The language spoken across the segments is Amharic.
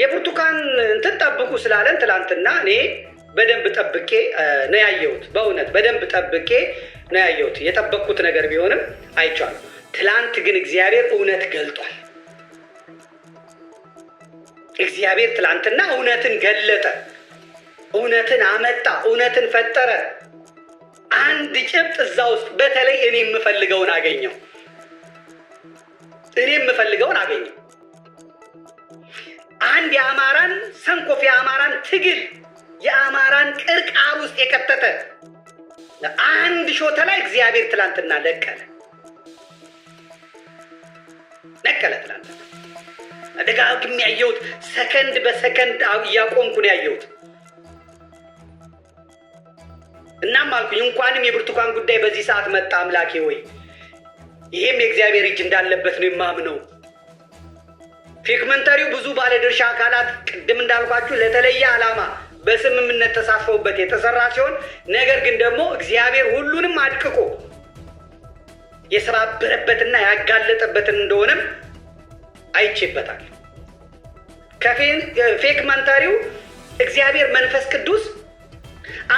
የብርቱካን እንትን ጠብቁ ስላለን ትላንትና እኔ በደንብ ጠብቄ ነው ያየሁት። በእውነት በደንብ ጠብቄ ነው ያየሁት። የጠበቅኩት ነገር ቢሆንም አይቻሉ። ትላንት ግን እግዚአብሔር እውነት ገልጧል። እግዚአብሔር ትላንትና እውነትን ገለጠ። እውነትን አመጣ። እውነትን ፈጠረ። አንድ ጭብጥ እዛ ውስጥ በተለይ እኔ የምፈልገውን አገኘው። እኔ የምፈልገውን አገኘው። አንድ የአማራን ሰንኮፍ የአማራን ትግል የአማራን ቅርቃር ውስጥ የከተተ አንድ ሾተ ላይ እግዚአብሔር ትላንትና ነቀለ ነቀለ። ትላንትና ደጋግሜ ያየሁት ሰከንድ በሰከንድ እያቆምኩ ነው ያየሁት። እናም አልኩኝ እንኳንም የብርቱካን ጉዳይ በዚህ ሰዓት መጣ አምላኬ ወይ ይሄም የእግዚአብሔር እጅ እንዳለበት ነው የማምነው። ፒክመንተሪው ብዙ ባለድርሻ አካላት ቅድም እንዳልኳችሁ ለተለየ ዓላማ በስምምነት ተሳትፈውበት የተሰራ ሲሆን ነገር ግን ደግሞ እግዚአብሔር ሁሉንም አድቅቆ የሰባበረበትና ያጋለጠበትን እንደሆነም አይቼበታል። ከፌክ መንታሪው እግዚአብሔር መንፈስ ቅዱስ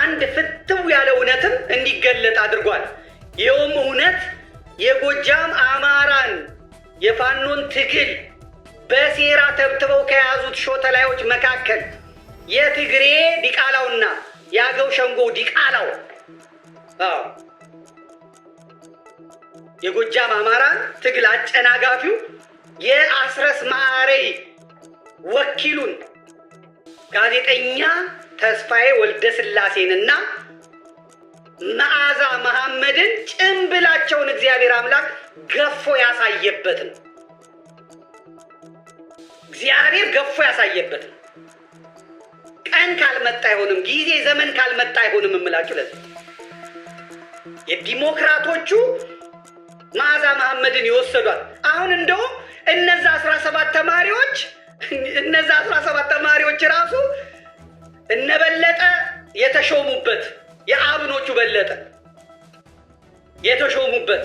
አንድ ፍትው ያለ እውነትም እንዲገለጥ አድርጓል። ይኸውም እውነት የጎጃም አማራን የፋኖን ትግል በሴራ ተብትበው ከያዙት ሾተላዮች መካከል የትግሬ ዲቃላውና የአገው ሸንጎ ዲቃላው የጎጃም አማራን ትግል አጨናጋፊው የአስረስ ማረ ወኪሉን ጋዜጠኛ ተስፋዬ ወልደ ስላሴንና መዓዛ መሐመድን ጭንብላቸውን እግዚአብሔር አምላክ ገፎ ያሳየበት ነው። እግዚአብሔር ገፎ ያሳየበት ቀን ካልመጣ አይሆንም፣ ጊዜ ዘመን ካልመጣ አይሆንም እምላችሁ ለዚህ የዲሞክራቶቹ መዓዛ መሐመድን ይወሰዷል። አሁን እንደውም እነዛ አስራ ሰባት ተማሪዎች እነዛ አስራ ሰባት ተማሪዎች ራሱ እነበለጠ የተሾሙበት የአብኖቹ በለጠ የተሾሙበት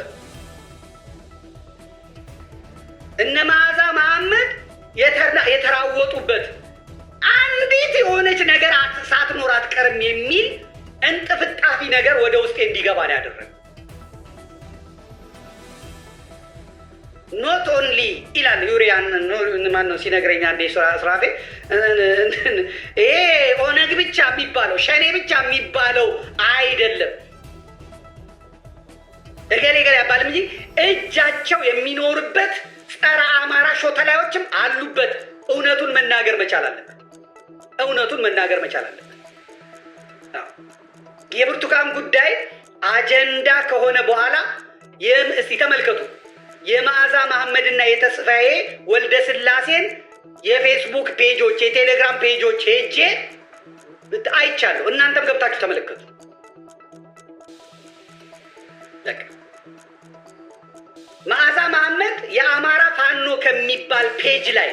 እነ መዓዛ መሐመድ የተራወጡበት አንዲት የሆነች ነገር ሳትኖር አትቀርም የሚል እንጥፍጣፊ ነገር ወደ ውስጤ እንዲገባ ነው ያደረገ። ኖት ኦንሊ ይላል ዩሪያን ማን ነው ሲነግረኝ አንዴ ስራፌ ይሄ ኦነግ ብቻ የሚባለው ሸኔ ብቻ የሚባለው አይደለም እገሌ ገሌ ያባልም እንጂ እጃቸው የሚኖርበት ጸረ አማራ ሾተላዮችም አሉበት። እውነቱን መናገር መቻል አለበት። እውነቱን መናገር መቻል አለበት። የብርቱካን ጉዳይ አጀንዳ ከሆነ በኋላ እስቲ ተመልከቱ የመዓዛ መሐመድና የተስፋዬ ወልደ ስላሴን የፌስቡክ ፔጆች፣ የቴሌግራም ፔጆች ሄጄ አይቻለሁ። እናንተም ገብታችሁ ተመለከቱ። መዓዛ መሐመድ የአማራ ፋኖ ከሚባል ፔጅ ላይ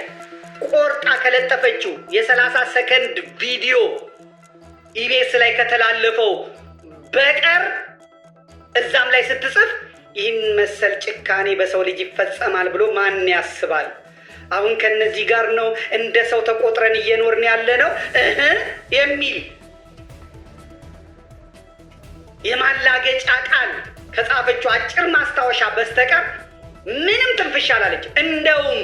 ቆርጣ ከለጠፈችው የ30 ሰከንድ ቪዲዮ ኢቢኤስ ላይ ከተላለፈው በቀር እዛም ላይ ስትጽፍ ይህን መሰል ጭካኔ በሰው ልጅ ይፈጸማል ብሎ ማን ያስባል? አሁን ከነዚህ ጋር ነው እንደ ሰው ተቆጥረን እየኖርን ያለ ነው የሚል የማላገጫ ቃል ከጻፈችው አጭር ማስታወሻ በስተቀር ምንም ትንፍሽ አላለች። እንደውም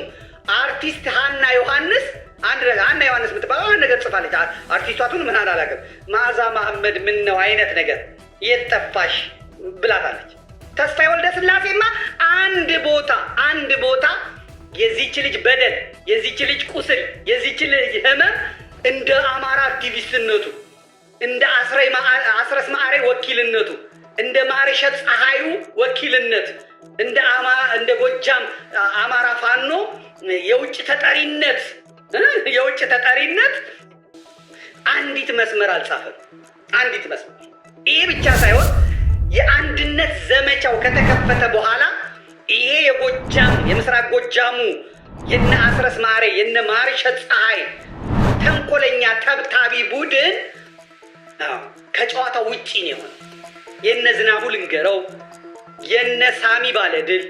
አርቲስት ሀና ዮሐንስ አንድ ነገር ዮሐንስ የምትባለው አንድ ነገር ጽፋለች። አርቲስቷቱን ምን አላላቅም ማዛ መሐመድ ምን ነው አይነት ነገር የጠፋሽ ብላታለች። ተስፋ ወልደ ስላሴማ አንድ ቦታ አንድ ቦታ የዚች ልጅ በደል፣ የዚች ልጅ ቁስል፣ የዚች ልጅ ህመም እንደ አማራ አክቲቪስትነቱ እንደ አስረስ ማዕሬ ወኪልነቱ እንደ ማርሸ ፀሐዩ ወኪልነት እንደ ጎጃም አማራ ፋኖ የውጭ ተጠሪነት የውጭ ተጠሪነት አንዲት መስመር አልጻፈም። አንዲት መስመር። ይሄ ብቻ ሳይሆን የአንድነት ዘመቻው ከተከፈተ በኋላ ይሄ የጎጃም የምስራቅ ጎጃሙ የነ አስረስ ማሬ የነ ማርሸ ፀሐይ ተንኮለኛ ተብታቢ ቡድን ከጨዋታው ውጪ ነው የሆነ የነ ዝናቡ ልንገረው፣ የነ ሳሚ ባለድል፣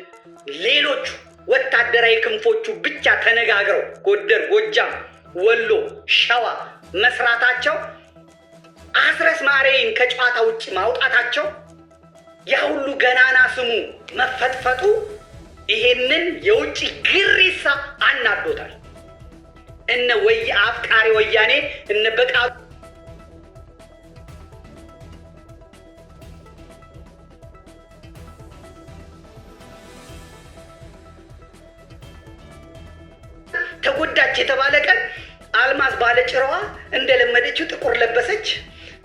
ሌሎቹ ወታደራዊ ክንፎቹ ብቻ ተነጋግረው ጎደር፣ ጎጃም፣ ወሎ፣ ሸዋ መስራታቸው አስረስ ማሬን ከጨዋታ ውጭ ማውጣታቸው ያ ሁሉ ገናና ስሙ መፈጥፈጡ ይሄንን የውጭ ግሪሳ አናዶታል። እነ ወይ አፍቃሪ ወያኔ እነ በቃሉ ተጎዳች የተባለ ቀን አልማዝ ባለጭራዋ እንደለመደችው ጥቁር ለበሰች።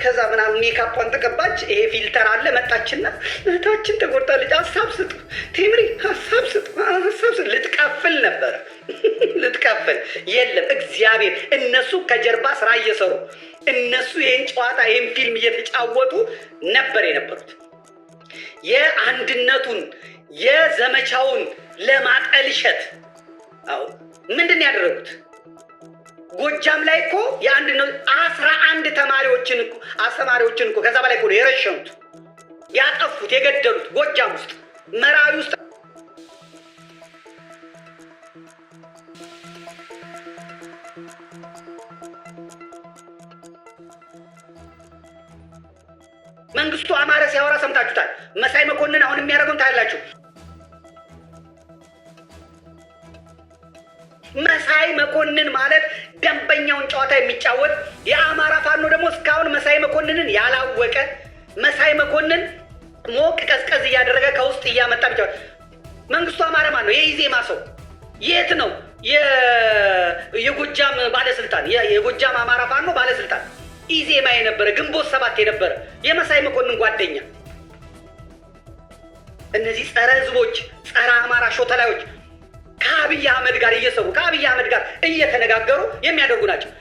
ከዛ ምናም ሜካፖን ተቀባች። ይሄ ፊልተር አለ። መጣችና እህታችን ተጎድታለች፣ ሀሳብ ስጡ ቴምሪ፣ ሀሳብ ስጡ፣ ሀሳብ ስጡ። ልትካፍል ነበር ልትካፍል የለም። እግዚአብሔር እነሱ ከጀርባ ስራ እየሰሩ እነሱ ይህን ጨዋታ ይህን ፊልም እየተጫወቱ ነበር የነበሩት የአንድነቱን የዘመቻውን ለማጠልሸት ምንድን ያደረጉት? ጎጃም ላይ እኮ የአንድ ነው አስራ አንድ ተማሪዎችን አስተማሪዎችን እኮ ከዛ በላይ ነው የረሸኑት፣ ያጠፉት፣ የገደሉት ጎጃም ውስጥ መራዊ ውስጥ መንግስቱ አማረ ሲያወራ ሰምታችሁታል። መሳይ መኮንን አሁን የሚያደርገውን ታያላችሁ። መኮንን ማለት ደንበኛውን ጨዋታ የሚጫወት የአማራ ፋኖ ደግሞ እስካሁን መሳይ መኮንንን ያላወቀ መሳይ መኮንን ሞቅ ቀዝቀዝ እያደረገ ከውስጥ እያመጣ ብቻ መንግስቱ አማረ ማን ነው? የኢዜማ ሰው የት ነው? የጎጃም ባለስልጣን የጎጃም አማራ ፋኖ ባለስልጣን ኢዜማ የነበረ ግንቦት ሰባት የነበረ የመሳይ መኮንን ጓደኛ። እነዚህ ጸረ ህዝቦች፣ ጸረ አማራ ሾተላዮች ከአብይ አህመድ ጋር እየሰሩ ከአብይ አህመድ ጋር እየተነጋገሩ የሚያደርጉ ናቸው።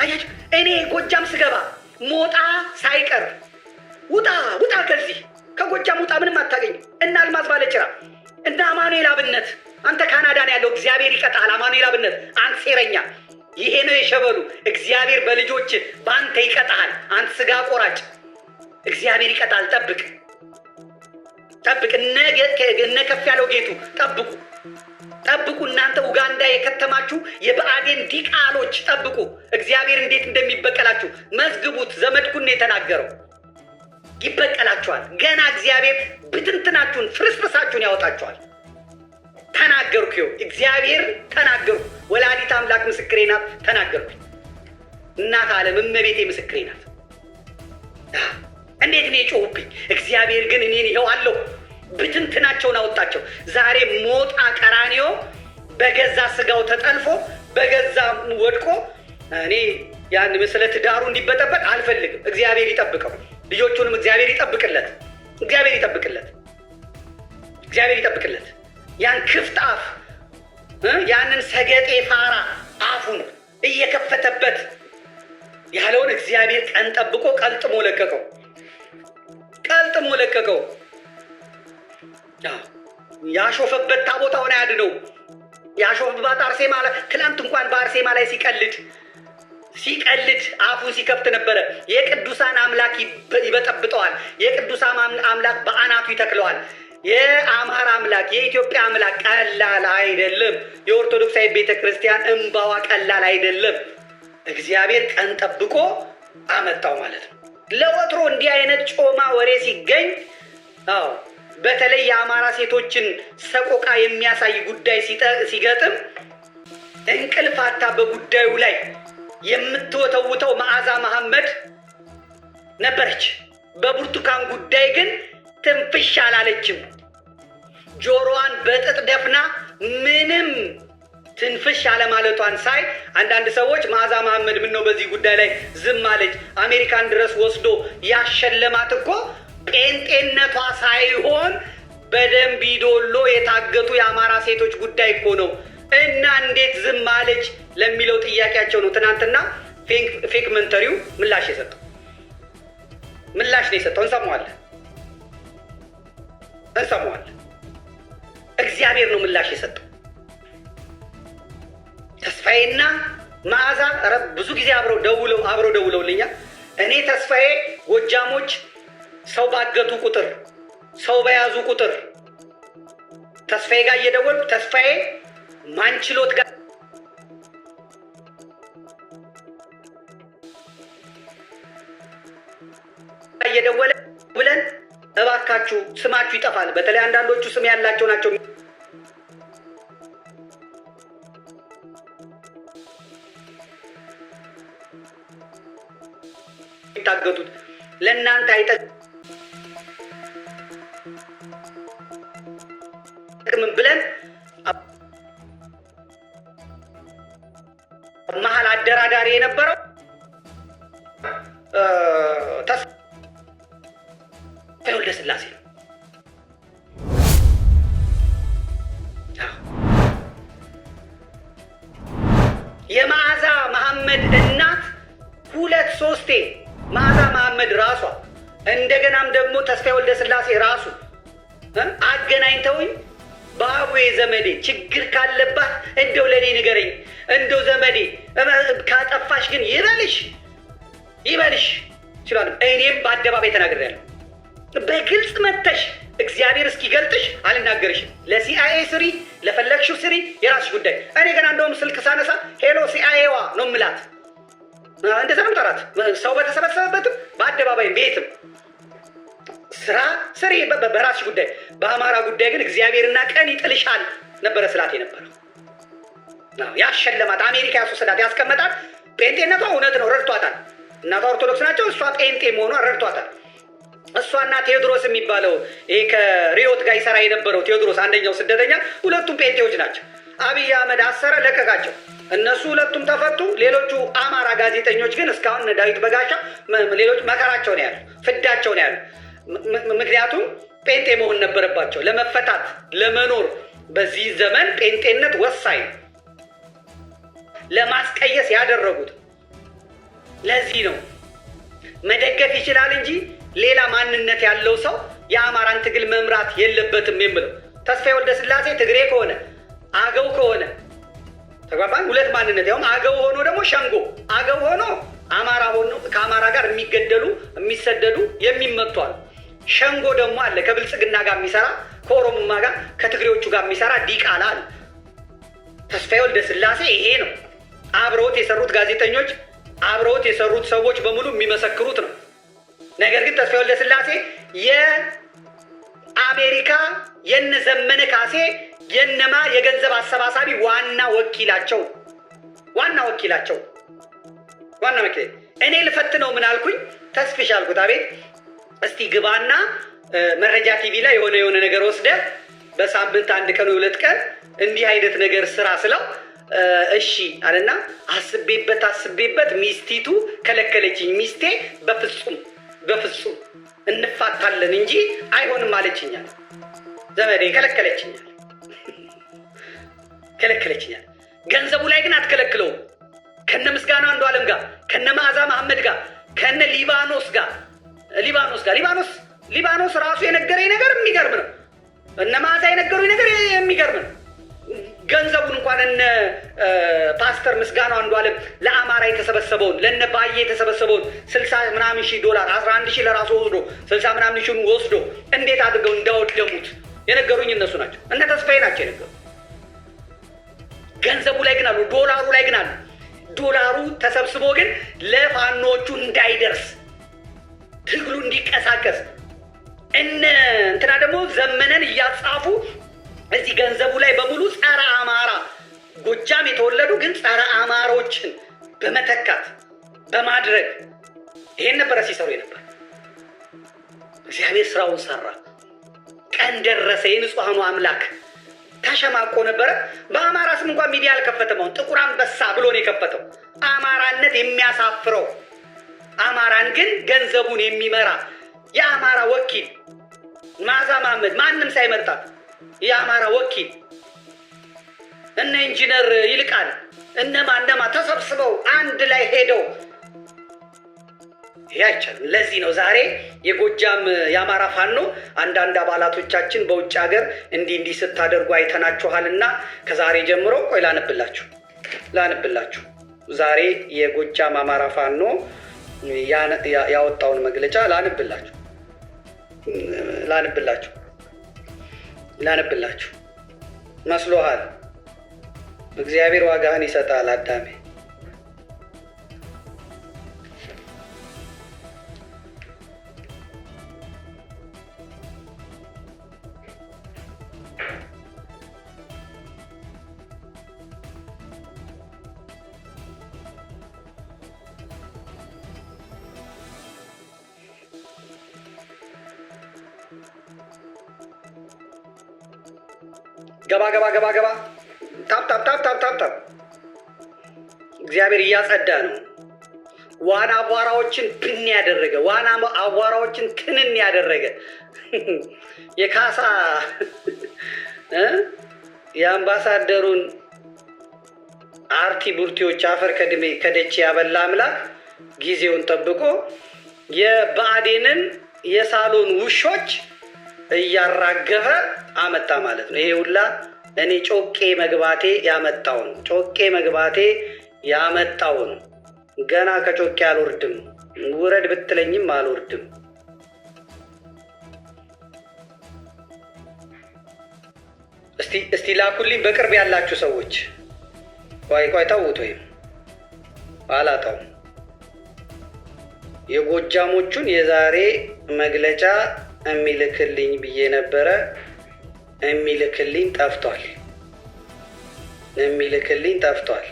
አያችሁ፣ እኔ ጎጃም ስገባ ሞጣ ሳይቀር ውጣ ውጣ፣ ከዚህ ከጎጃም ውጣ፣ ምንም አታገኝ እና አልማዝ ባለጭራ እና አማኑኤል አብነት፣ አንተ ካናዳ ነው ያለው፣ እግዚአብሔር ይቀጣል። አማኑኤል አብነት አንተ ሴረኛ፣ ይሄ ነው የሸበሉ። እግዚአብሔር በልጆች በአንተ ይቀጣል። አንተ ስጋ ቆራጭ፣ እግዚአብሔር ይቀጣል። ጠብቅ ጠብቅ፣ እነ ከፍ ያለው ጌቱ ጠብቁ። ጠብቁ። እናንተ ኡጋንዳ የከተማችሁ የብአዴን ዲቃሎች ጠብቁ። እግዚአብሔር እንዴት እንደሚበቀላችሁ መዝግቡት። ዘመድኩን የተናገረው። ይበቀላችኋል። ገና እግዚአብሔር ብትንትናችሁን ፍርስፍርሳችሁን ያወጣችኋል። ተናገርኩ። ይኸው እግዚአብሔር ተናገርኩ። ወላዲት አምላክ ምስክሬ ናት። ተናገርኩ። እናት ዓለም እመቤቴ ምስክሬ ናት። እንዴት እኔ ጮሁብኝ! እግዚአብሔር ግን እኔን ይኸው አለው ብትንትናቸውን አወጣቸው። ዛሬ ሞጣ ቀራኒዮ በገዛ ስጋው ተጠልፎ በገዛ ወድቆ እኔ ያን ምስለ ትዳሩ እንዲበጠበጥ አልፈልግም። እግዚአብሔር ይጠብቀው፣ ልጆቹንም እግዚአብሔር ይጠብቅለት፣ እግዚአብሔር ይጠብቅለት፣ እግዚአብሔር ይጠብቅለት። ያን ክፍት አፍ ያንን ሰገጤ ፋራ አፉን እየከፈተበት ያለውን እግዚአብሔር ቀን ጠብቆ ቀልጥሞ ለቀቀው፣ ቀልጥሞ ለቀቀው። ያሾፈበት ታቦታውን አያድነው። ያሾፈባት አርሴማ ትናንት እንኳን በአርሴማ ላይ ሲቀልድ ሲቀልድ አፉን ሲከፍት ነበረ። የቅዱሳን አምላክ ይበጠብጠዋል። የቅዱሳን አምላክ በአናቱ ይተክለዋል። የአማራ አምላክ የኢትዮጵያ አምላክ ቀላል አይደለም። የኦርቶዶክሳዊ ቤተ ክርስቲያን እምባዋ ቀላል አይደለም። እግዚአብሔር ቀን ጠብቆ አመጣው ማለት ነው። ለወትሮ እንዲህ አይነት ጮማ ወሬ ሲገኝ አዎ በተለይ የአማራ ሴቶችን ሰቆቃ የሚያሳይ ጉዳይ ሲገጥም እንቅልፍ አታ በጉዳዩ ላይ የምትወተውተው መዓዛ መሐመድ ነበረች። በብርቱካን ጉዳይ ግን ትንፍሽ አላለችም። ጆሮዋን በጥጥ ደፍና ምንም ትንፍሽ አለማለቷን ሳይ አንዳንድ ሰዎች መዓዛ መሐመድ ምን ነው በዚህ ጉዳይ ላይ ዝም አለች፣ አሜሪካን ድረስ ወስዶ ያሸለማት እኮ ጴንጤነቷ ሳይሆን በደንቢ ዶሎ የታገቱ የአማራ ሴቶች ጉዳይ እኮ ነው። እና እንዴት ዝም አለች ለሚለው ጥያቄያቸው ነው ትናንትና ፌክ መንተሪው ምላሽ የሰጠው ምላሽ ነው የሰጠው። እንሰማዋለን እንሰማዋለን። እግዚአብሔር ነው ምላሽ የሰጠው። ተስፋዬና መዓዛ ብዙ ጊዜ አብረው ደውለው አብረው ደውለውልኛል። እኔ ተስፋዬ ጎጃሞች ሰው ባገቱ ቁጥር፣ ሰው በያዙ ቁጥር ተስፋዬ ጋር እየደወልኩ ተስፋዬ ማንችሎት ጋር እየደወለ ብለን እባካችሁ ስማችሁ ይጠፋል። በተለይ አንዳንዶቹ ስም ያላቸው ናቸው። የሚታገቱት ለእናንተ አይጠቅም። አይጠቅምም ብለን መሀል አደራዳሪ የነበረው ተስፋዬ ነው። የመዓዛ መሐመድ እናት ሁለት ሶስቴ መዓዛ መሐመድ ራሷ እንደገናም ደግሞ ተስፋዬ ራሱ አገናኝተውኝ በአቡዬ ዘመዴ ችግር ካለባት እንደው ለእኔ ንገረኝ። እንደው ዘመዴ ካጠፋሽ ግን ይበልሽ ይበልሽ ችሏል። እኔም በአደባባይ ተናግሬያለሁ። በግልጽ መተሽ እግዚአብሔር እስኪገልጥሽ አልናገርሽም። ለሲአይኤ ስሪ፣ ለፈለግሽው ስሪ፣ የራስሽ ጉዳይ። እኔ ገና እንደውም ስልክ ሳነሳ ሄሎ ሲአይኤዋ ነው ምላት። እንደዛ ነው ጠራት ሰው በተሰበሰበበትም በአደባባይም ቤትም ስራ ስሪ፣ በራስሽ ጉዳይ። በአማራ ጉዳይ ግን እግዚአብሔርና ቀን ይጥልሻል ነበረ ስላት የነበረው። ያሸለማት አሜሪካ ያስወሰዳት ያስቀመጣት ጴንጤነቷ እውነት ነው፣ ረድቷታል። እናቷ ኦርቶዶክስ ናቸው፣ እሷ ጴንጤ መሆኗ ረድቷታል። እሷና ቴዎድሮስ የሚባለው ይሄ ከሪዮት ጋር ይሰራ የነበረው ቴዎድሮስ አንደኛው ስደተኛ፣ ሁለቱም ጴንጤዎች ናቸው። አብይ አህመድ አሰረ፣ ለቀቃቸው። እነሱ ሁለቱም ተፈቱ። ሌሎቹ አማራ ጋዜጠኞች ግን እስካሁን ዳዊት በጋሻ ሌሎች መከራቸው ነው ያሉ፣ ፍዳቸው ነው ያሉ። ምክንያቱም ጴንጤ መሆን ነበረባቸው ለመፈታት ለመኖር። በዚህ ዘመን ጴንጤነት ወሳኝ ለማስቀየስ ያደረጉት ለዚህ ነው። መደገፍ ይችላል እንጂ ሌላ ማንነት ያለው ሰው የአማራን ትግል መምራት የለበትም የምለው ተስፋ ወልደ ስላሴ ትግሬ ከሆነ አገው ከሆነ ተግባባን። ሁለት ማንነት ያውም አገው ሆኖ ደግሞ ሸንጎ አገው ሆኖ አማራ ሆኖ ከአማራ ጋር የሚገደሉ የሚሰደዱ የሚመቷል ሸንጎ ደግሞ አለ። ከብልጽግና ጋር የሚሰራ ከኦሮሞማ ጋር ከትግሬዎቹ ጋር የሚሰራ ዲቃላ አለ። ተስፋዬ ወልደ ስላሴ ይሄ ነው። አብረውት የሰሩት ጋዜጠኞች፣ አብረውት የሰሩት ሰዎች በሙሉ የሚመሰክሩት ነው። ነገር ግን ተስፋዬ ወልደ ስላሴ የአሜሪካ የነ ዘመነ ካሴ የነማ የገንዘብ አሰባሳቢ ዋና ወኪላቸው ዋና ወኪላቸው ዋና ወኪል እኔ ልፈትነው ምን አልኩኝ? ተስፍሽ አልኩት አቤት እስቲ ግባና መረጃ ቲቪ ላይ የሆነ የሆነ ነገር ወስደ በሳምንት አንድ ቀን ሁለት ቀን እንዲህ አይነት ነገር ስራ ስለው እሺ አለና አስቤበት አስቤበት ሚስቲቱ ከለከለችኝ። ሚስቴ በፍጹም በፍጹም እንፋታለን እንጂ አይሆንም አለችኛል። ዘመዴ ከለከለችኛል ከለከለችኛል። ገንዘቡ ላይ ግን አትከለክለውም። ከነ ምስጋና አንዱ አለም ጋር ከነ መዓዛ መሐመድ ጋር ከነ ሊባኖስ ጋር ሊባኖስ ጋር ሊባኖስ ሊባኖስ ራሱ የነገረኝ ነገር የሚገርም ነው። እነ ማታ የነገሩኝ ነገር የሚገርም ነው። ገንዘቡን እንኳን እነ ፓስተር ምስጋናው አንዱ አለም ለአማራ የተሰበሰበውን ለነ ባዬ የተሰበሰበውን ስልሳ ምናምን ሺህ ዶላር አስራ አንድ ሺህ ለራሱ ወስዶ ስልሳ ምናምን ሺህ ወስዶ እንዴት አድርገው እንዳወደሙት የነገሩኝ እነሱ ናቸው። እነ ተስፋዬ ናቸው የነገሩ። ገንዘቡ ላይ ግን አሉ፣ ዶላሩ ላይ ግን አሉ። ዶላሩ ተሰብስቦ ግን ለፋኖቹ እንዳይደርስ ትግሉ እንዲቀሳቀስ እነ እንትና ደግሞ ዘመነን እያጻፉ እዚህ ገንዘቡ ላይ በሙሉ ጸረ አማራ ጎጃም የተወለዱ ግን ጸረ አማሮችን በመተካት በማድረግ ይሄን ነበረ ሲሰሩ የነበር። እግዚአብሔር ስራውን ሰራ። ቀን ደረሰ። የንጹሐኑ አምላክ ተሸማቆ ነበረ። በአማራ ስም እንኳን ሚዲያ አልከፈተም። አሁን ጥቁር አንበሳ ብሎ ነው የከፈተው። አማራነት የሚያሳፍረው አማራን ግን ገንዘቡን የሚመራ የአማራ ወኪል ማዛ ማመድ ማንም ሳይመርጣት የአማራ ወኪል እነ ኢንጂነር ይልቃል እነማ እነማ ተሰብስበው አንድ ላይ ሄደው ይሄ አይቻልም። ለዚህ ነው ዛሬ የጎጃም የአማራ ፋኖ አንዳንድ አባላቶቻችን በውጭ ሀገር እንዲህ እንዲህ ስታደርጉ አይተናችኋልና ከዛሬ ጀምሮ ቆይ ላንብላችሁ ላንብላችሁ ዛሬ የጎጃም አማራ ፋኖ ያወጣውን መግለጫ ላንብላችሁ ላንብላችሁ ላንብላችሁ መስሎሃል? እግዚአብሔር ዋጋህን ይሰጣል አዳሜ ገባ ገባ ገባ ገባ ታፕ ታፕ ታፕ ታፕ ታፕ ታፕ። እግዚአብሔር እያጸዳ ነው። ዋና አቧራዎችን ትን ያደረገ ዋና አቧራዎችን ትንን ያደረገ የካሳ የአምባሳደሩን አርቲ ቡርቲዎች አፈር ከድሜ ከደቼ ያበላ አምላክ ጊዜውን ጠብቆ የባአዴንን የሳሎን ውሾች እያራገፈ አመጣ ማለት ነው። ይሄ ሁላ እኔ ጮቄ መግባቴ ያመጣው ነው። ጮቄ መግባቴ ያመጣው ነው። ገና ከጮቄ አልወርድም፣ ውረድ ብትለኝም አልወርድም። እስቲ ላኩልኝ በቅርብ ያላችሁ ሰዎች። ቆይ ቆይ ተውት፣ ወይም አላጣውም። የጎጃሞቹን የዛሬ መግለጫ የሚልክልኝ ብዬ ነበረ። የሚልክልኝ ጠፍቷል። የሚልክልኝ ጠፍቷል።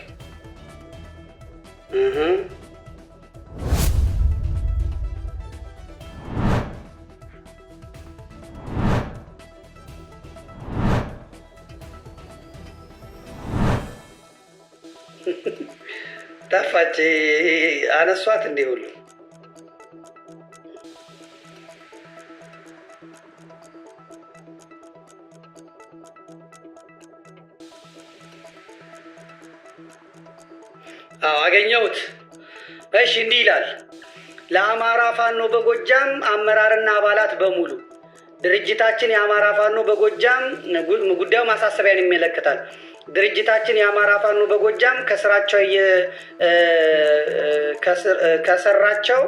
ጠፋች። አነሷት እንዲህ ሁሉ አገኘሁት። እሺ፣ እንዲህ ይላል ለአማራ ፋኖ በጎጃም አመራርና አባላት በሙሉ ድርጅታችን የአማራ ፋኖ በጎጃም ጉዳዩ ማሳሰቢያን ይመለከታል። ድርጅታችን የአማራ ፋኖ በጎጃም ከስራቸው ከሰራቸው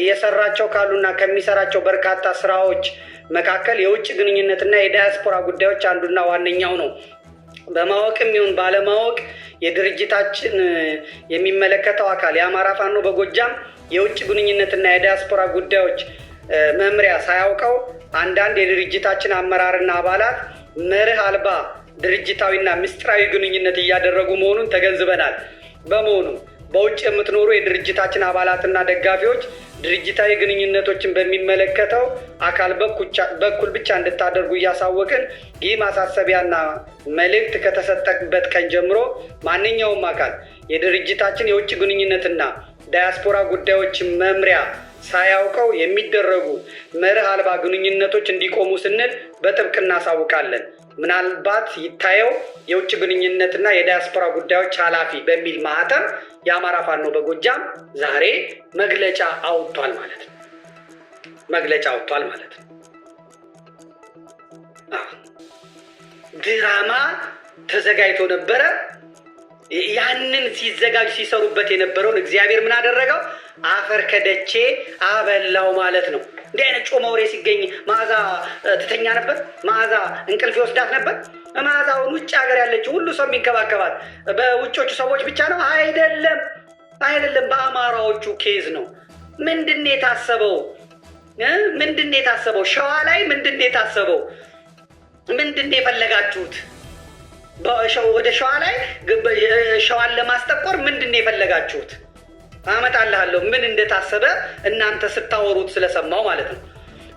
እየሰራቸው ካሉና ከሚሰራቸው በርካታ ስራዎች መካከል የውጭ ግንኙነትና የዳያስፖራ ጉዳዮች አንዱና ዋነኛው ነው። በማወቅም ይሁን ባለማወቅ የድርጅታችን የሚመለከተው አካል የአማራ ፋኖ በጎጃም የውጭ ግንኙነትና የዲያስፖራ ጉዳዮች መምሪያ ሳያውቀው አንዳንድ የድርጅታችን አመራርና አባላት መርህ አልባ ድርጅታዊና ምስጢራዊ ግንኙነት እያደረጉ መሆኑን ተገንዝበናል። በመሆኑ በውጭ የምትኖሩ የድርጅታችን አባላትና ደጋፊዎች ድርጅታዊ ግንኙነቶችን በሚመለከተው አካል በኩል ብቻ እንድታደርጉ እያሳወቅን ይህ ማሳሰቢያና መልእክት ከተሰጠበት ቀን ጀምሮ ማንኛውም አካል የድርጅታችን የውጭ ግንኙነትና ዳያስፖራ ጉዳዮች መምሪያ ሳያውቀው የሚደረጉ መርህ አልባ ግንኙነቶች እንዲቆሙ ስንል በጥብቅ እናሳውቃለን። ምናልባት ይታየው የውጭ ግንኙነትና የዲያስፖራ ጉዳዮች ኃላፊ በሚል ማህተም የአማራ ፋኖ በጎጃም ዛሬ መግለጫ አውጥቷል ማለት ነው። መግለጫ አውጥቷል ማለት ነው። ድራማ ተዘጋጅቶ ነበረ። ያንን ሲዘጋጅ ሲሰሩበት የነበረውን እግዚአብሔር ምን አደረገው? አፈር ከደቼ አበላው ማለት ነው። እንዲህ አይነት ጮማ ወሬ ሲገኝ መዓዛ ትተኛ ነበር። መዓዛ እንቅልፍ ይወስዳት ነበር። መዓዛውን ውጭ ሀገር ያለችው ሁሉ ሰው የሚንከባከባት በውጮቹ ሰዎች ብቻ ነው? አይደለም፣ አይደለም። በአማራዎቹ ኬዝ ነው። ምንድን የታሰበው? ምንድን የታሰበው? ሸዋ ላይ ምንድን የታሰበው? ምንድን የፈለጋችሁት? ወደ ሸዋ ላይ ሸዋን ለማስጠቆር ምንድን የፈለጋችሁት? አመጣልሃለሁ ምን እንደታሰበ እናንተ ስታወሩት ስለሰማው ማለት ነው።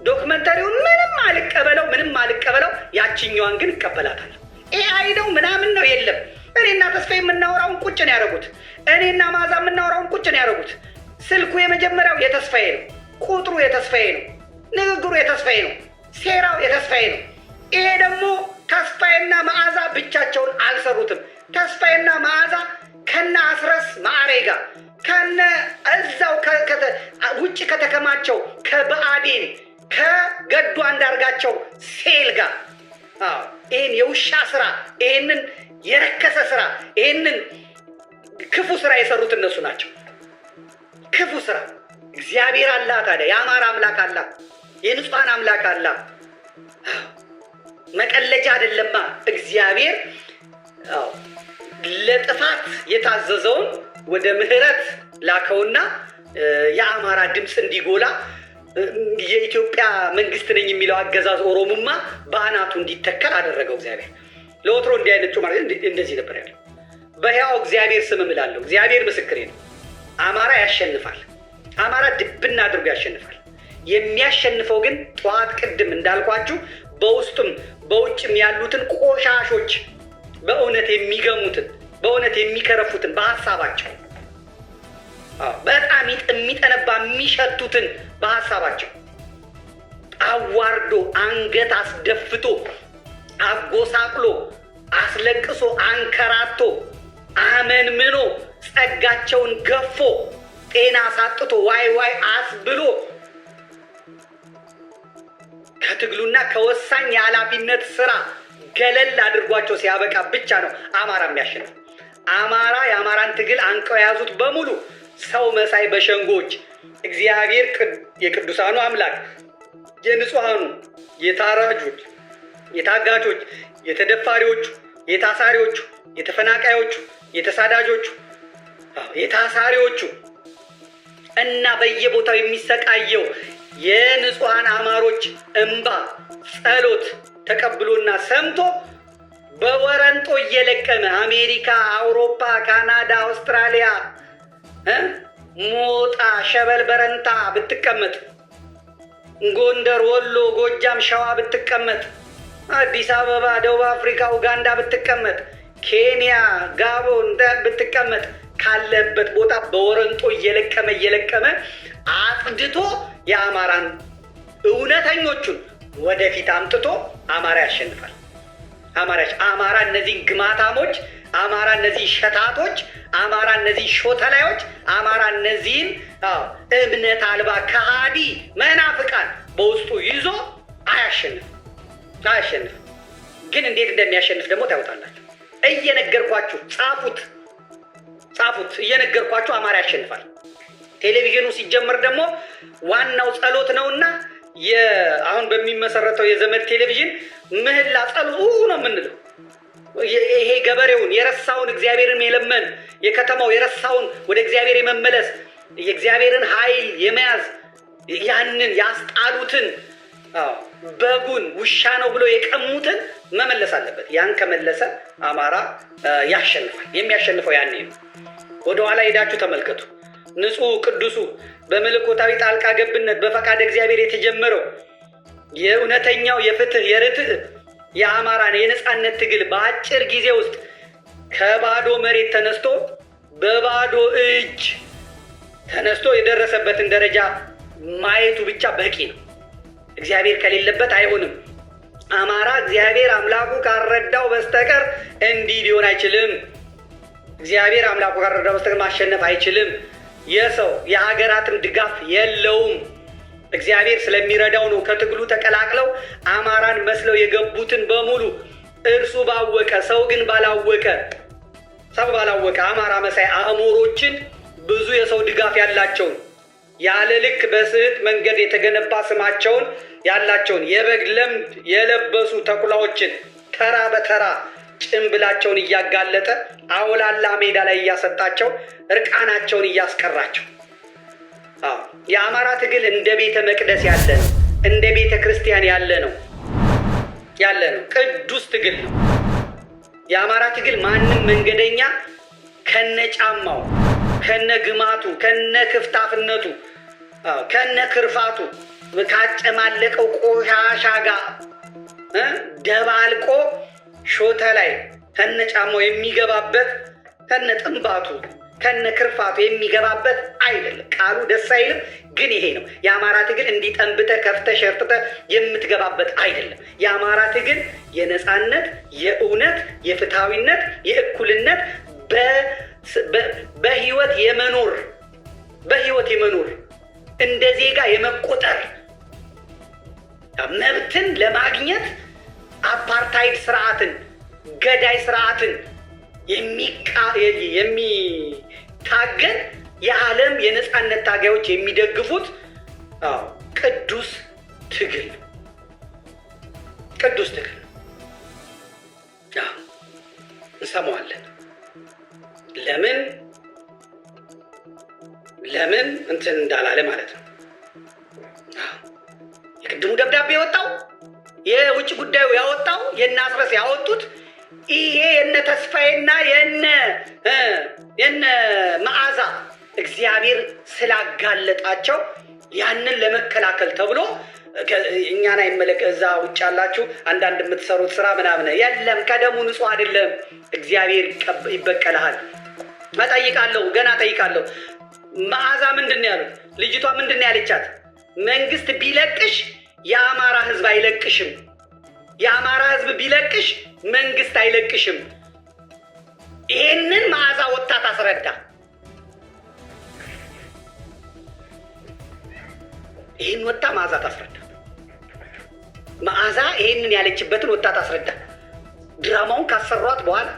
ዶክመንተሪውን ምንም አልቀበለው ምንም አልቀበለው፣ ያችኛዋን ግን እቀበላታለሁ። ኤአይ ነው ምናምን ነው የለም። እኔና ተስፋ የምናወራውን ቁጭ ነው ያደረጉት። እኔና ማዛ የምናወራውን ቁጭ ነው ያደረጉት። ስልኩ የመጀመሪያው የተስፋዬ ነው፣ ቁጥሩ የተስፋዬ ነው፣ ንግግሩ የተስፋዬ ነው፣ ሴራው የተስፋዬ ነው። ይሄ ደግሞ ተስፋዬና መዓዛ ብቻቸውን አልሰሩትም። ተስፋዬና መዓዛ ከነ አስረስ ማዕሬ ጋር ከነ እዛው ውጭ ከተከማቸው ከበአዴን ከገዱ አንዳርጋቸው ሴል ጋር ይህን የውሻ ስራ ይህንን የረከሰ ስራ ይህንን ክፉ ስራ የሰሩት እነሱ ናቸው። ክፉ ስራ እግዚአብሔር አላ ታዲያ የአማራ አምላክ አላ የንጹሐን አምላክ አላ መቀለጃ አይደለማ። እግዚአብሔር ለጥፋት የታዘዘውን ወደ ምሕረት ላከውና የአማራ ድምፅ እንዲጎላ የኢትዮጵያ መንግስት ነኝ የሚለው አገዛዝ ኦሮሙማ በአናቱ እንዲተከል አደረገው። እግዚአብሔር ለወትሮ እንዲህ አይነት ጮማ እንደዚህ ነበር ያለው። በሕያው እግዚአብሔር ስም እምላለሁ፣ እግዚአብሔር ምስክሬ ነው። አማራ ያሸንፋል። አማራ ድብና አድርጎ ያሸንፋል። የሚያሸንፈው ግን ጠዋት ቅድም እንዳልኳችሁ በውስጡም በውጭም ያሉትን ቆሻሾች በእውነት የሚገሙትን በእውነት የሚከረፉትን በሀሳባቸው በጣም የሚጠነባ የሚሸቱትን በሀሳባቸው አዋርዶ አንገት አስደፍቶ አጎሳቅሎ አስለቅሶ አንከራቶ አመንምኖ ጸጋቸውን ገፎ ጤና አሳጥቶ ዋይ ዋይ አስብሎ ከትግሉና ከወሳኝ የኃላፊነት ስራ ገለል አድርጓቸው ሲያበቃ ብቻ ነው አማራ የሚያሸንፍ። አማራ የአማራን ትግል አንቀው የያዙት በሙሉ ሰው መሳይ በሸንጎች እግዚአብሔር የቅዱሳኑ አምላክ የንጹሐኑ፣ የታራጆች፣ የታጋቾች፣ የተደፋሪዎቹ፣ የታሳሪዎቹ፣ የተፈናቃዮቹ፣ የተሳዳጆቹ፣ የታሳሪዎቹ እና በየቦታው የሚሰቃየው የንጹሐን አማሮች እንባ ጸሎት ተቀብሎና ሰምቶ በወረንጦ እየለቀመ አሜሪካ፣ አውሮፓ፣ ካናዳ፣ አውስትራሊያ ሞጣ፣ ሸበል፣ በረንታ ብትቀመጥ፣ ጎንደር፣ ወሎ፣ ጎጃም፣ ሸዋ ብትቀመጥ፣ አዲስ አበባ፣ ደቡብ አፍሪካ፣ ኡጋንዳ ብትቀመጥ፣ ኬንያ፣ ጋቦን ብትቀመጥ ካለበት ቦታ በወረንጦ እየለቀመ እየለቀመ አጽድቶ የአማራን እውነተኞቹን ወደፊት አምጥቶ አማራ ያሸንፋል። አማራች አማራ እነዚህን ግማታሞች፣ አማራ እነዚህ ሸታቶች፣ አማራ እነዚህ ሾተላዮች፣ አማራ እነዚህን እምነት አልባ ከሃዲ መናፍቃን በውስጡ ይዞ አያሸንፍ አያሸንፍ። ግን እንዴት እንደሚያሸንፍ ደግሞ ታውቃላችሁ። እየነገርኳችሁ ጻፉት፣ ጻፉት። እየነገርኳችሁ አማራ ያሸንፋል። ቴሌቪዥኑ ሲጀምር ደግሞ ዋናው ጸሎት ነውና አሁን በሚመሰረተው የዘመድ ቴሌቪዥን ምህላ ጸልኡ ነው የምንለው። ይሄ ገበሬውን የረሳውን እግዚአብሔርን የለመን የከተማው የረሳውን ወደ እግዚአብሔር የመመለስ የእግዚአብሔርን ኃይል የመያዝ ያንን ያስጣሉትን በጉን ውሻ ነው ብሎ የቀሙትን መመለስ አለበት። ያን ከመለሰ አማራ ያሸንፋል። የሚያሸንፈው ያኔ ነው። ወደኋላ ሄዳችሁ ተመልከቱ። ንጹሕ ቅዱሱ በመለኮታዊ ጣልቃ ገብነት በፈቃድ እግዚአብሔር የተጀመረው የእውነተኛው የፍትህ የርትዕ የአማራን የነፃነት ትግል በአጭር ጊዜ ውስጥ ከባዶ መሬት ተነስቶ በባዶ እጅ ተነስቶ የደረሰበትን ደረጃ ማየቱ ብቻ በቂ ነው። እግዚአብሔር ከሌለበት አይሆንም። አማራ እግዚአብሔር አምላኩ ካረዳው በስተቀር እንዲህ ሊሆን አይችልም። እግዚአብሔር አምላኩ ካረዳው በስተቀር ማሸነፍ አይችልም። የሰው የሀገራትን ድጋፍ የለውም። እግዚአብሔር ስለሚረዳው ነው። ከትግሉ ተቀላቅለው አማራን መስለው የገቡትን በሙሉ እርሱ ባወቀ ሰው ግን ባላወቀ ሰው ባላወቀ አማራ መሳይ አእሞሮችን ብዙ የሰው ድጋፍ ያላቸውን ያለ ልክ በስህት መንገድ የተገነባ ስማቸውን ያላቸውን የበግ ለምድ የለበሱ ተኩላዎችን ተራ በተራ ጭንብላቸውን እያጋለጠ አውላላ ሜዳ ላይ እያሰጣቸው እርቃናቸውን እያስቀራቸው የአማራ ትግል እንደ ቤተ መቅደስ ያለ ነው። እንደ ቤተ ክርስቲያን ያለ ነው ያለ ነው። ቅዱስ ትግል ነው የአማራ ትግል። ማንም መንገደኛ ከነ ጫማው፣ ከነ ግማቱ፣ ከነ ክፍታፍነቱ፣ ከነ ክርፋቱ ካጨማለቀው ቆሻሻ ጋር ደባልቆ ሾተ ላይ ከነ ጫማው የሚገባበት ከነ ጥንባቱ ከነ ክርፋቱ የሚገባበት አይደለም። ቃሉ ደስ አይልም፣ ግን ይሄ ነው የአማራ ትግል። እንዲጠንብተ ከፍተ ሸርጥተ የምትገባበት አይደለም። የአማራ ትግል የነፃነት፣ የእውነት፣ የፍትሐዊነት፣ የእኩልነት በህይወት የመኖር በህይወት የመኖር እንደ ዜጋ የመቆጠር መብትን ለማግኘት አፓርታይድ ስርዓትን፣ ገዳይ ስርዓትን የሚታገል የዓለም የነፃነት ታጋዮች የሚደግፉት ቅዱስ ትግል ቅዱስ ትግል እንሰማዋለን። ለምን ለምን እንትን እንዳላለ ማለት ነው። የቅድሙ ደብዳቤ የወጣው የውጭ ጉዳዩ ያወጣው የነ አስረስ ያወጡት ይሄ የነ ተስፋዬና የነ የነ መዓዛ እግዚአብሔር ስላጋለጣቸው ያንን ለመከላከል ተብሎ እኛን አይመለከ እዛ ውጭ ያላችሁ አንዳንድ የምትሰሩት ስራ ምናምን የለም። ከደሙ ንጹህ አይደለም። እግዚአብሔር ይበቀልሃል። እጠይቃለሁ፣ ገና እጠይቃለሁ። መዓዛ ምንድን ነው ያሉት? ልጅቷ ምንድን ነው ያለቻት? መንግስት ቢለቅሽ የአማራ ህዝብ አይለቅሽም። የአማራ ህዝብ ቢለቅሽ መንግስት አይለቅሽም። ይሄንን መዓዛ ወጥታ አስረዳ። ይህን ወጣ መዓዛ ታስረዳ። መዓዛ ይሄንን ያለችበትን ወጣት አስረዳ። ድራማውን ካሰሯት በኋላ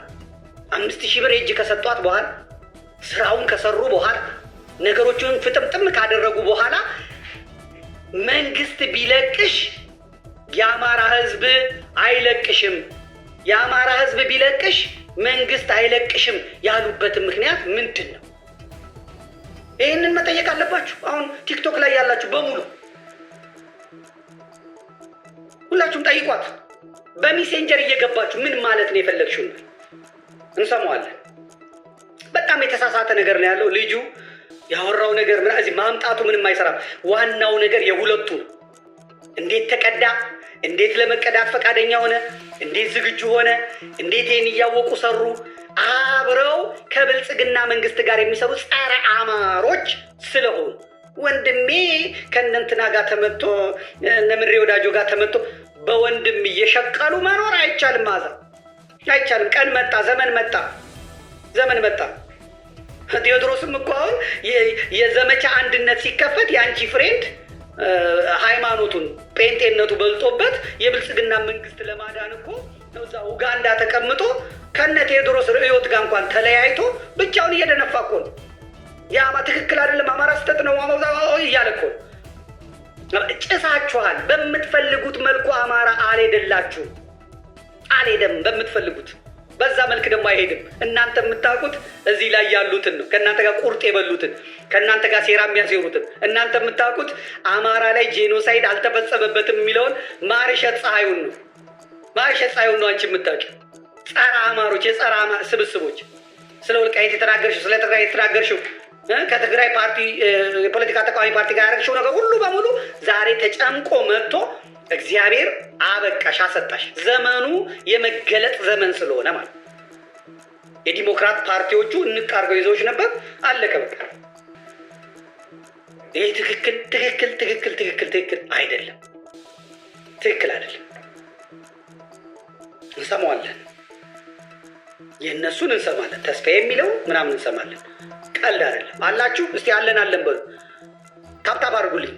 አምስት ሺህ ብር እጅ ከሰጧት በኋላ ስራውን ከሰሩ በኋላ ነገሮቹን ፍጥምጥም ካደረጉ በኋላ መንግስት ቢለቅሽ የአማራ ህዝብ አይለቅሽም፣ የአማራ ህዝብ ቢለቅሽ መንግስት አይለቅሽም ያሉበትን ምክንያት ምንድን ነው? ይህንን መጠየቅ አለባችሁ። አሁን ቲክቶክ ላይ ያላችሁ በሙሉ ሁላችሁም ጠይቋት። በሜሴንጀር እየገባችሁ ምን ማለት ነው የፈለግሽው እንሰማዋለን። በጣም የተሳሳተ ነገር ነው ያለው ልጁ ያወራው ነገር ምና እዚህ ማምጣቱ ምንም አይሰራም። ዋናው ነገር የሁለቱ እንዴት ተቀዳ፣ እንዴት ለመቀዳት ፈቃደኛ ሆነ፣ እንዴት ዝግጁ ሆነ፣ እንዴት ይህን እያወቁ ሰሩ። አብረው ከብልጽግና መንግስት ጋር የሚሰሩ ጸረ አማሮች ስለሆኑ ወንድሜ ከእነንትና ጋር ተመቶ እነምሬ ወዳጆ ጋር ተመቶ በወንድም እየሸቀሉ መኖር አይቻልም። አዛ አይቻልም። ቀን መጣ፣ ዘመን መጣ፣ ዘመን መጣ። ከቴዎድሮስም እኮ አሁን የዘመቻ አንድነት ሲከፈት የአንቺ ፍሬንድ ሃይማኖቱን ጴንጤነቱ በልጦበት የብልጽግና መንግስት ለማዳን እኮ እዛ ኡጋንዳ ተቀምጦ ከነ ቴዎድሮስ ርዕዮት ጋር እንኳን ተለያይቶ ብቻውን እየደነፋ እኮ ነው። የአማ ትክክል አይደለም አማራ ስህተት ነው እያለ እኮ ጭሳችኋል። በምትፈልጉት መልኩ አማራ አልሄደላችሁ አልሄደም በምትፈልጉት በዛ መልክ ደግሞ አይሄድም። እናንተ የምታውቁት እዚህ ላይ ያሉትን ነው። ከእናንተ ጋር ቁርጥ የበሉትን፣ ከእናንተ ጋር ሴራ የሚያሴሩትን እናንተ የምታውቁት አማራ ላይ ጄኖሳይድ አልተፈጸመበትም የሚለውን ማርሸት ፀሐዩን ነው። ማርሸት ፀሐዩን ነው አንቺ የምታውቂው። ጸረ አማሮች፣ የጸረ ስብስቦች ስለ ወልቃይት የተናገርሽው፣ ስለ ትግራይ የተናገርሽው ከትግራይ ፓርቲ የፖለቲካ ተቃዋሚ ፓርቲ ጋር ያደረግሽው ነገር ሁሉ በሙሉ ዛሬ ተጨምቆ መጥቶ እግዚአብሔር አበቃሽ አሰጣሽ። ዘመኑ የመገለጥ ዘመን ስለሆነ ማለት የዲሞክራት ፓርቲዎቹ እንቃርገው ይዘዎች ነበር። አለቀ በቃ። ይህ ትክክል ትክክል ትክክል ትክክል ትክክል አይደለም፣ ትክክል አይደለም። እንሰማዋለን፣ የእነሱን እንሰማለን፣ ተስፋ የሚለው ምናምን እንሰማለን። ቀልድ አይደለም አላችሁ። እስቲ አለን አለን በሉ። ታብታብ አድርጉልኝ።